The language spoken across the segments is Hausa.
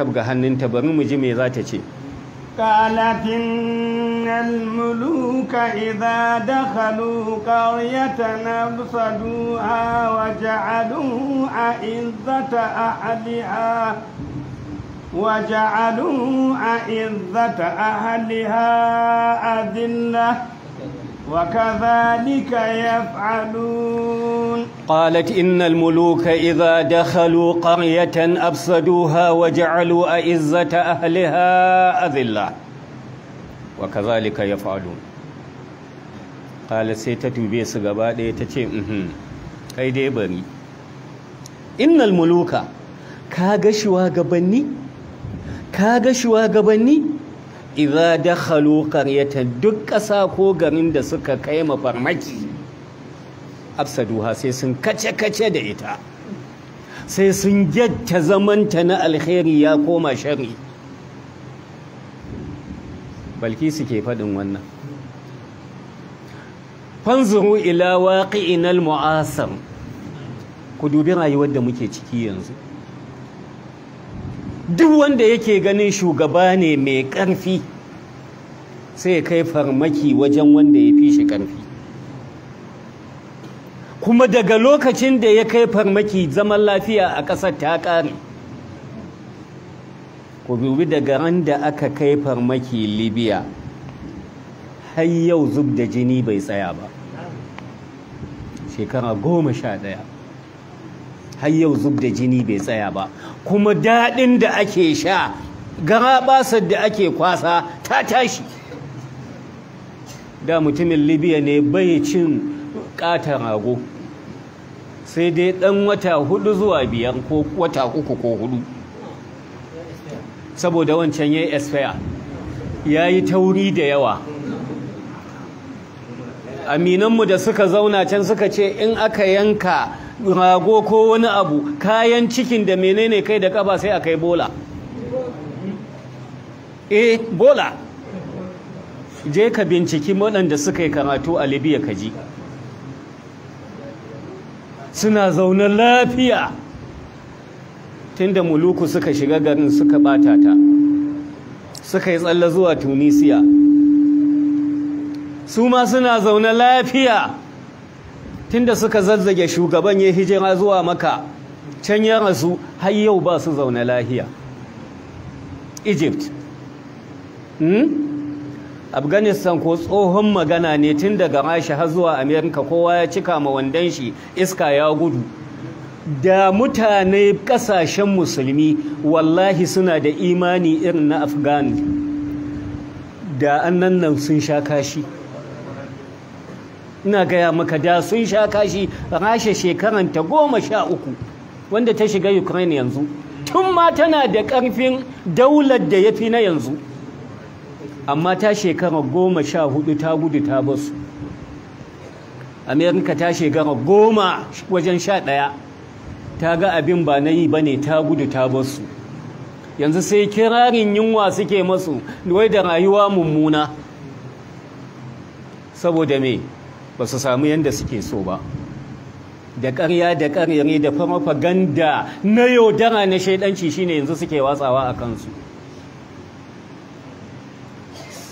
kabga hannunta bari mu ji me za ta ce قالت إن الملوك إذا دخلوا قرية أبصدوها وجعلوا أعزة أهلها وجعلوا أعزة أهلها أذلة وكذلك يفعلون قالت إن الملوك إذا دخلوا قرية أفسدوها وجعلوا أئزة أهلها أذلة وكذلك يفعلون قال سيتتو بيس غبادة تتشي kai dai bari innal muluka kaga shugabanni kaga shugabanni idza dakhalu qaryatan duk ƙasa ko garin da suka kai mafarmaki afsaduha sai sun kace-kace da ita sai sun gyatta zamanta na alheri ya koma shari balki suke faɗin wannan fanzuru ila waqi'in al mu'asar. ku dubi rayuwar da muke ciki yanzu duk wanda yake ganin shugaba ne mai ƙarfi sai kai farmaki wajen wanda ya kuma daga lokacin da ya kai farmaki zaman lafiya a ƙasar ta ƙare ku dubi daga ran da aka kai farmaki libya har yau zub da jini bai tsaya ba shekara goma sha ɗaya har yau zub da jini bai tsaya ba kuma daɗin da ake sha gara da ake kwasa ta tashi da mutumin libya ne bai cin ƙatar rago sai dai ɗan wata hudu zuwa biyar ko wata uku ko hudu saboda wancan ya yi yayi ya yi tauri da yawa aminanmu da suka zauna can suka ce in aka yanka rago ko wani abu kayan cikin da menene kai da kaba sai aka yi bola eh bola je ka binciki waɗanda suka yi karatu a libya ka ji suna zaune lafiya tunda muluku suka shiga garin suka bata ta suka yi tsalle zuwa tunisiya su ma suna zaune lafiya tunda suka zazzage shugaban ya hijira zuwa maka can ya rasu har yau ba su zaune lafiya. egypt hmm? afghanistan ko tsohon magana ne tun daga rashi har zuwa amerika kowa ya cika ma wandan shi iska ya gudu da mutane kasashen musulmi wallahi suna da imani irin na afghan da annan nan sun sha kashi ina gaya maka da sun sha kashi rashe ta goma sha uku wanda ta shiga ukraine yanzu tun ma tana da ƙarfin daular da ya fi na yanzu amma ta shekara goma sha hudu ta gudu ta basu amerika ta shekara goma wajen sha daya ta ga abin ba na yi ba ne ta gudu ta basu yanzu sai kirarin yunwa suke masu wai da rayuwa mummuna saboda me ba su samu yadda suke so ba da ƙarya da ƙaryare da farfaganda na yaudara na shaidanci shine yanzu suke watsawa a kansu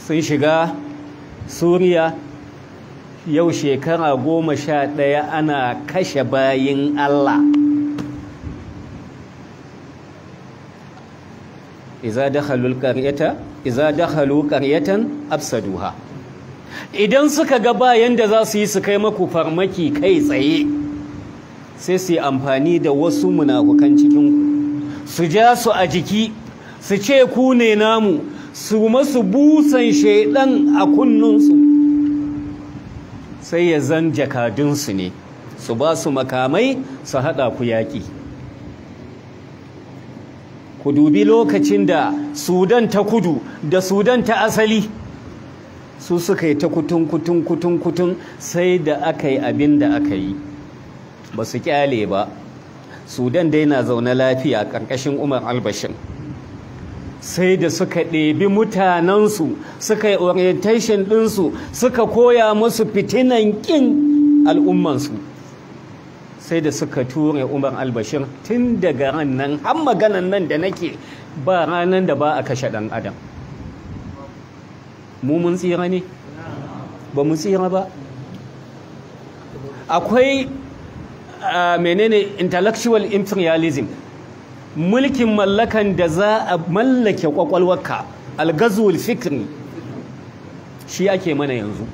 sun shiga suriya yau shekara goma sha ɗaya ana kashe bayin allah iza da halukar yatan absaduha. idan suka ga bayan da za su yi su kai maku farmaki kai tsaye sai su yi amfani da wasu munafukan cikin su ja su a jiki su ce ku ne namu su masu busan shaidan a kunnunsu sai ya zan jakadunsu ne su ba su makamai su haɗa ku yaƙi ku dubi lokacin da sudan ta kudu da sudan ta asali su suka yi ta kutun kutun kutun kutun sai da aka yi abin da aka yi ba su kyale ba sudan dai na zaune lafiya ƙarƙashin umar albashin sai da suka ɗebi mutanensu suka yi orientation ɗinsu suka koya musu fitinan ƙin al'ummansu sai da suka tura umar albashir tun daga ran nan har maganan nan da nake ba ranar da ba a kashe ɗan adam mu mun tsira ne ba mu tsira ba akwai ah, menene intellectual imperialism mulkin mallakan da za a mallake kwakwalwarka algazul fikri shi ake mana yanzu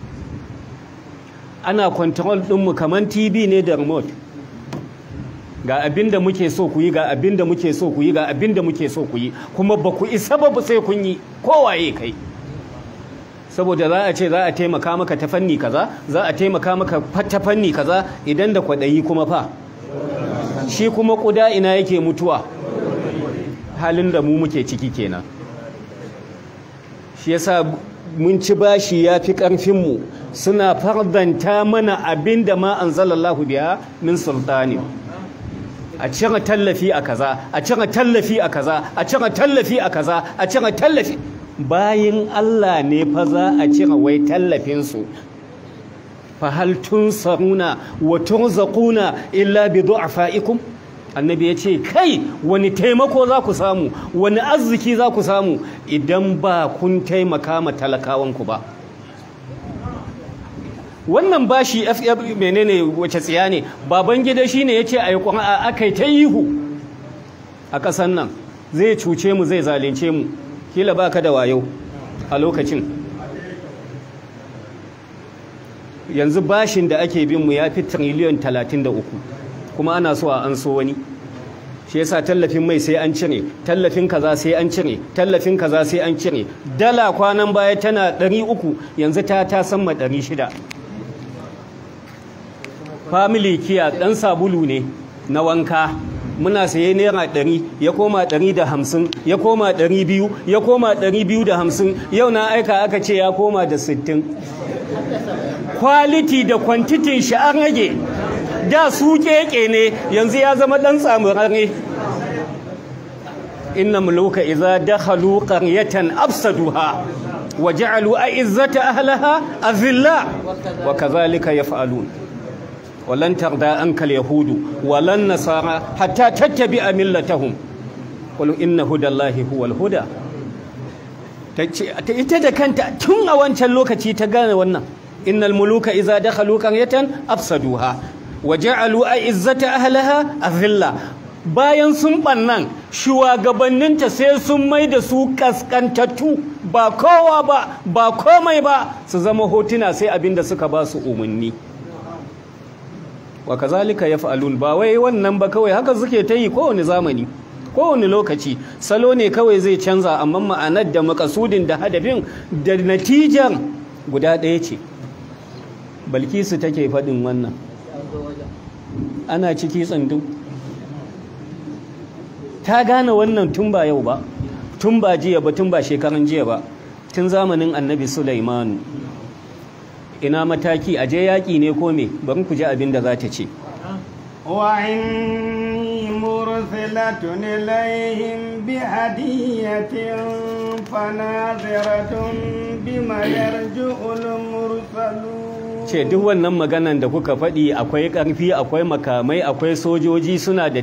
ana kwantarol ɗinmu kamar tv ne da remote ga abinda muke so ku yi ga abinda muke so ku yi ga abinda muke so ku yi kuma ba ku isa ba sai kun yi kowaye kai saboda za a ce za a taimaka maka ta fanni kaza za a taimaka maka ta fanni kaza idan da kwaɗayi kuma fa shi kuma kuda ina yake mutuwa halin da mu muke ciki kenan shi yasa mun ci bashi ya fi mu suna fardanta mana abin da ma an zallallahu biya min sultani a cire tallafi a kaza a cire tallafi a kaza a cire tallafi a kaza a tallafi bayin Allah ne fa za a cire wai tallafinsu fa hal tunsaruna wa turzaquna illa bi du'afaikum annabi ya ce kai wani taimako za ku samu wani arziki za ku samu idan ba kun taimaka ma talakawanku ba wannan bashi ff menene wace tsiya ne baban gida shi ne ya ce a yi ta yihu a kasan nan zai cuce mu zai zalunce mu kila ba ka da wayo a lokacin yanzu bashin da ake bin mu ya fi tiriliyon 33 kuma ana so a an so wani shi yasa tallafin mai sai an cire tallafin kaza sai an cire tallafin kaza sai an cire dala kwanan baya tana 300 yanzu ta ta samma 600 family kiya dan sabulu ne na wanka muna saye naira ɗari ya koma ɗari da ya koma ɗari ya koma ɗari da hamsin yau na aika aka ce ya koma da sittin Quality da kwantitin shi an rage da su keke ne yanzu ya zama dan tsamurare inna muluka idza dakhalu qaryatan afsaduha wa ja'alu a'izzata ahliha azilla wa kadhalika yaf'alun walan tarda anka alyahudu walan nasara hatta tattabi'a millatahum qul inna hudallahi huwal huda ita da kanta tun a wancan lokaci ta gane wannan innal muluka idza dakhalu qaryatan afsaduha a izzata a azilla bayan sun bannan shugabanninta sai sun mai da su kaskantattu ba kowa ba ba komai ba su zama hotuna sai abinda suka ba su umarni wa kazalika yaf'alun ba wai wannan ba kawai haka suke ta yi kowane zamani kowane lokaci salo ne kawai zai canza amma ma'anar da makasudin da hadafin da natijan guda ɗaya ce balkisu take faɗin wannan ana ciki tsandu. ta gane wannan tun ba yau ba tun ba jiya ba tun ba shekaran jiya ba tun zamanin annabi sulaimanu ina mataki a je yaƙi ne ko me bari ku ji abin da za ta ce مرسلة إليهم بهدية فناظرة بما يرجو المرسلون ce duk wannan maganan da kuka faɗi akwai ƙarfi akwai makamai akwai sojoji suna da